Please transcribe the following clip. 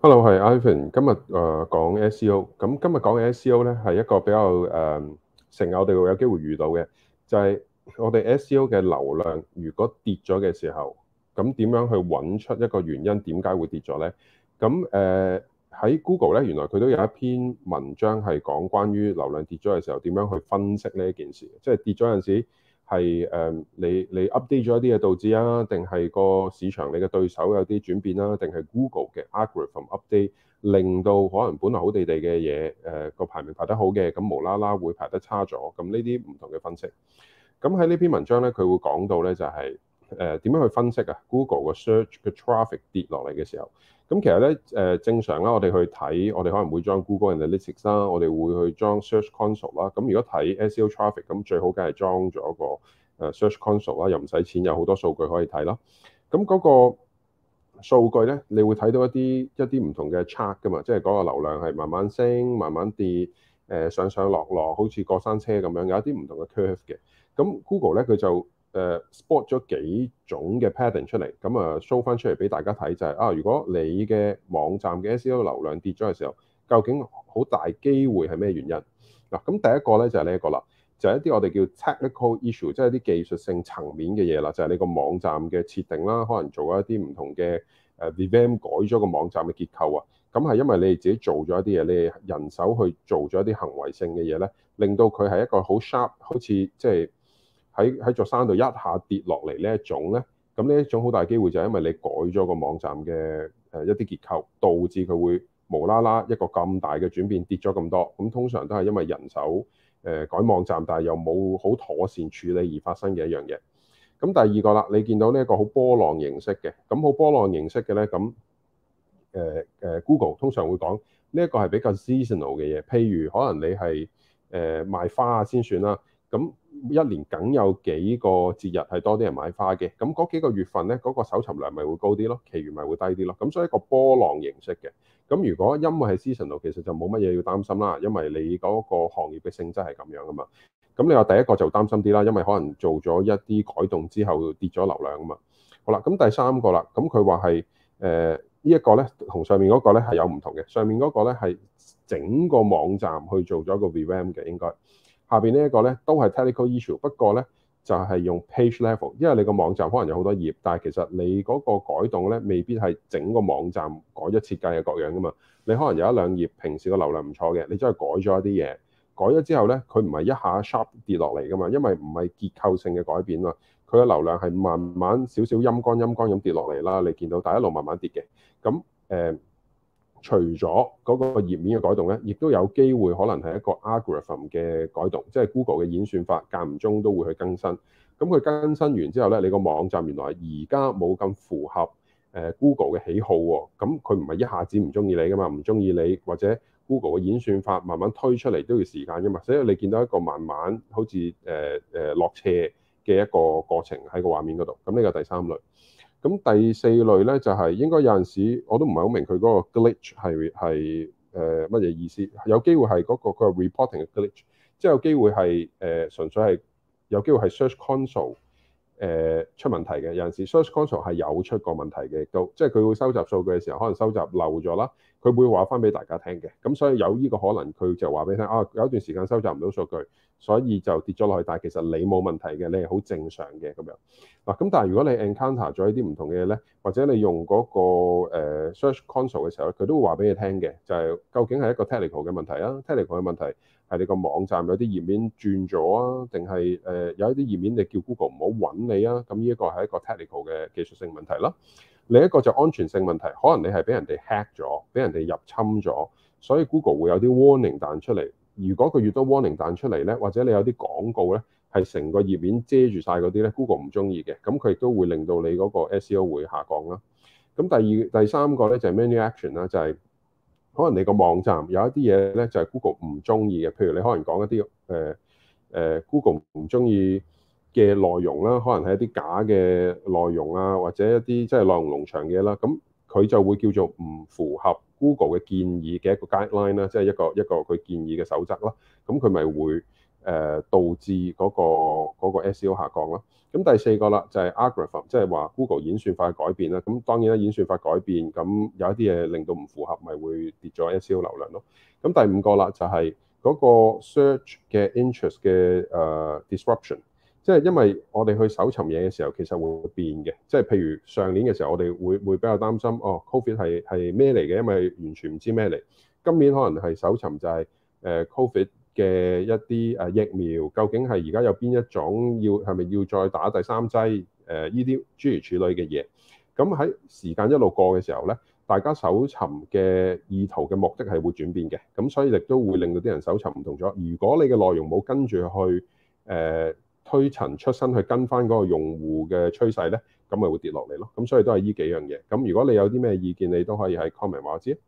Hello，係 Ivan 今、呃。今日誒講 SEO，咁今日講嘅 SEO 咧係一個比較誒成日我哋會有機會遇到嘅，就係、是、我哋 SEO 嘅流量如果跌咗嘅時候，咁點樣去揾出一個原因，點解會跌咗咧？咁誒喺、呃、Google 咧，原來佢都有一篇文章係講關於流量跌咗嘅時候，點樣去分析呢一件事，即係跌咗嗰陣時。係誒，你你 update 咗一啲嘢導致啊，定係個市場你嘅對手有啲轉變啦、啊，定係 Google 嘅 algorithm update 令到可能本來好地地嘅嘢誒個排名排得好嘅，咁無啦啦會排得差咗，咁呢啲唔同嘅分析。咁喺呢篇文章咧，佢會講到咧就係、是。誒點樣去分析啊？Google 個 search 嘅 traffic 跌落嚟嘅時候，咁其實咧誒、呃、正常啦。我哋去睇，我哋可能會裝 Google Analytics 啦，我哋會去裝 Search Console 啦。咁如果睇 SEO traffic，咁最好梗係裝咗個誒 Search Console 啦，又唔使錢，有好多數據可以睇咯。咁嗰個數據咧，你會睇到一啲一啲唔同嘅 chart 㗎嘛，即係嗰個流量係慢慢升、慢慢跌、誒、呃、上上落落，好似過山車咁樣，有一啲唔同嘅 curve 嘅。咁 Google 咧佢就。誒、uh, spot 咗幾種嘅 pattern 出嚟，咁啊 show 翻出嚟俾大家睇就係、是、啊，如果你嘅網站嘅 SEO 流量跌咗嘅時候，究竟好大機會係咩原因嗱？咁、啊、第一個咧就係呢一個啦，就係、是就是、一啲我哋叫 technical issue，即係啲技術性層面嘅嘢啦，就係、是、你個網站嘅設定啦，可能做一啲唔同嘅誒 revamp 改咗個網站嘅結構啊，咁係因為你哋自己做咗一啲嘢，你哋人手去做咗一啲行為性嘅嘢咧，令到佢係一個好 sharp，好似即係。喺喺座山度一下跌落嚟呢一種咧，咁呢一種好大機會就係因為你改咗個網站嘅誒一啲結構，導致佢會無啦啦一個咁大嘅轉變跌咗咁多。咁通常都係因為人手誒改網站，但係又冇好妥善處理而發生嘅一樣嘢。咁第二個啦，你見到呢一個好波浪形式嘅，咁好波浪形式嘅咧，咁誒誒 Google 通常會講呢一個係比較 seasonal 嘅嘢，譬如可能你係誒、呃、賣花啊先算啦，咁。一年梗有幾個節日係多啲人買花嘅，咁嗰幾個月份呢，嗰個搜尋量咪會高啲咯，其餘咪會低啲咯。咁所以一個波浪形式嘅。咁如果因為係 seasonal，其實就冇乜嘢要擔心啦，因為你嗰個行業嘅性質係咁樣啊嘛。咁你話第一個就擔心啲啦，因為可能做咗一啲改動之後跌咗流量啊嘛。好啦，咁第三個啦，咁佢話係誒呢一個呢，同上面嗰個咧係有唔同嘅。上面嗰個咧係整個網站去做咗個 rebrand 嘅應該。下邊呢一個咧都係 technical issue，不過咧就係用 page level，因為你個網站可能有好多頁，但係其實你嗰個改動咧未必係整個網站改咗設計嘅各樣㗎嘛，你可能有一兩頁平時個流量唔錯嘅，你真係改咗一啲嘢，改咗之後咧佢唔係一下 sharp 跌落嚟㗎嘛，因為唔係結構性嘅改變啊，佢嘅流量係慢慢少少陰乾陰乾咁跌落嚟啦，你見到第一路慢慢跌嘅，咁誒。Uh, 除咗嗰個頁面嘅改動咧，亦都有機會可能係一個 algorithm 嘅改動，即係 Google 嘅演算法間唔中都會去更新。咁佢更新完之後咧，你個網站原來而家冇咁符合誒 Google 嘅喜好喎、哦。咁佢唔係一下子唔中意你噶嘛，唔中意你或者 Google 嘅演算法慢慢推出嚟都要時間噶嘛。所以你見到一個慢慢好似誒誒落斜嘅一個過程喺個畫面嗰度。咁呢個第三類。咁第四類咧就係、是、應該有陣時我都唔係好明佢嗰個 glitch 係係誒乜嘢、呃、意思？有機會係嗰、嗰個嗰個 reporting 嘅 glitch，即係有機會係誒、呃、純粹係有機會係 search console 誒、呃、出問題嘅。有陣時 search console 係有出過問題嘅，都即係佢會收集數據嘅時候，可能收集漏咗啦。佢會話翻俾大家聽嘅，咁所以有呢個可能，佢就話俾你聽啊，有一段時間收集唔到數據，所以就跌咗落去。但係其實你冇問題嘅，你係好正常嘅咁樣。嗱，咁但係如果你 encounter 咗一啲唔同嘅嘢咧，或者你用嗰個誒 search console 嘅時候佢都會話俾你聽嘅，就係究竟係一個 technical 嘅問題啊，technical 嘅問題係你個網站有啲頁面轉咗啊，定係誒有一啲頁面你叫 Google 唔好揾你啊，咁呢一個係一個 technical 嘅技術性問題啦。另一個就安全性問題，可能你係俾人哋 hack 咗，俾人哋入侵咗，所以 Google 會有啲 warning 彈出嚟。如果佢越多 warning 彈出嚟咧，或者你有啲廣告咧係成個頁面遮住晒嗰啲咧，Google 唔中意嘅，咁佢亦都會令到你嗰個 SEO 會下降啦。咁第二、第三個咧就係 manual action 啦，就係可能你個網站有一啲嘢咧就係 Google 唔中意嘅，譬如你可能講一啲誒誒 Google 唔中意嘅內容啦，可能係一啲假嘅內容啊，或者一啲即係內容農場嘅嘢啦。咁佢就會叫做唔符合 Google 嘅建議嘅一個 guideline 啦，即係一個一個佢建議嘅守則啦。咁佢咪會誒、呃、導致嗰、嗰個、嗰個、SEO 下降咯。咁第四個啦就係、是、algorithm 即係話 Google 演算法嘅改變啦。咁當然啦，演算法改變咁有一啲嘢令到唔符合，咪會跌咗 SEO 流量咯。咁第五個啦就係、是、嗰個 search 嘅 interest 嘅誒 disruption。即係因為我哋去搜尋嘢嘅時候，其實會變嘅。即係譬如上年嘅時候，我哋會會比較擔心哦，COVID 係係咩嚟嘅？因為完全唔知咩嚟。今年可能係搜尋就係誒 COVID 嘅一啲誒疫苗，究竟係而家有邊一種要係咪要再打第三劑？誒呢啲諸如此類嘅嘢。咁喺時間一路過嘅時候咧，大家搜尋嘅意圖嘅目的係會轉變嘅。咁所以亦都會令到啲人搜尋唔同咗。如果你嘅內容冇跟住去誒，呃推陳出新去跟翻嗰個用戶嘅趨勢咧，咁咪會跌落嚟咯。咁所以都係呢幾樣嘢。咁如果你有啲咩意見，你都可以喺 comment 話我知。